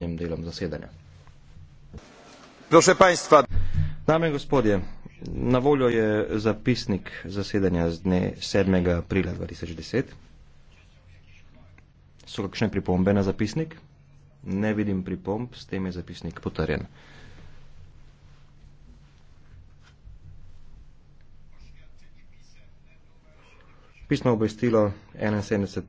zadnjim delom zasedanja. Proszę państwa. Dame in gospodje, na voljo je zapisnik zasedanja z dne 7. aprila 2010. So kakšne pripombe na zapisnik? Ne vidim pripomb, s tem je zapisnik potrjen. Pismo obvestilo 71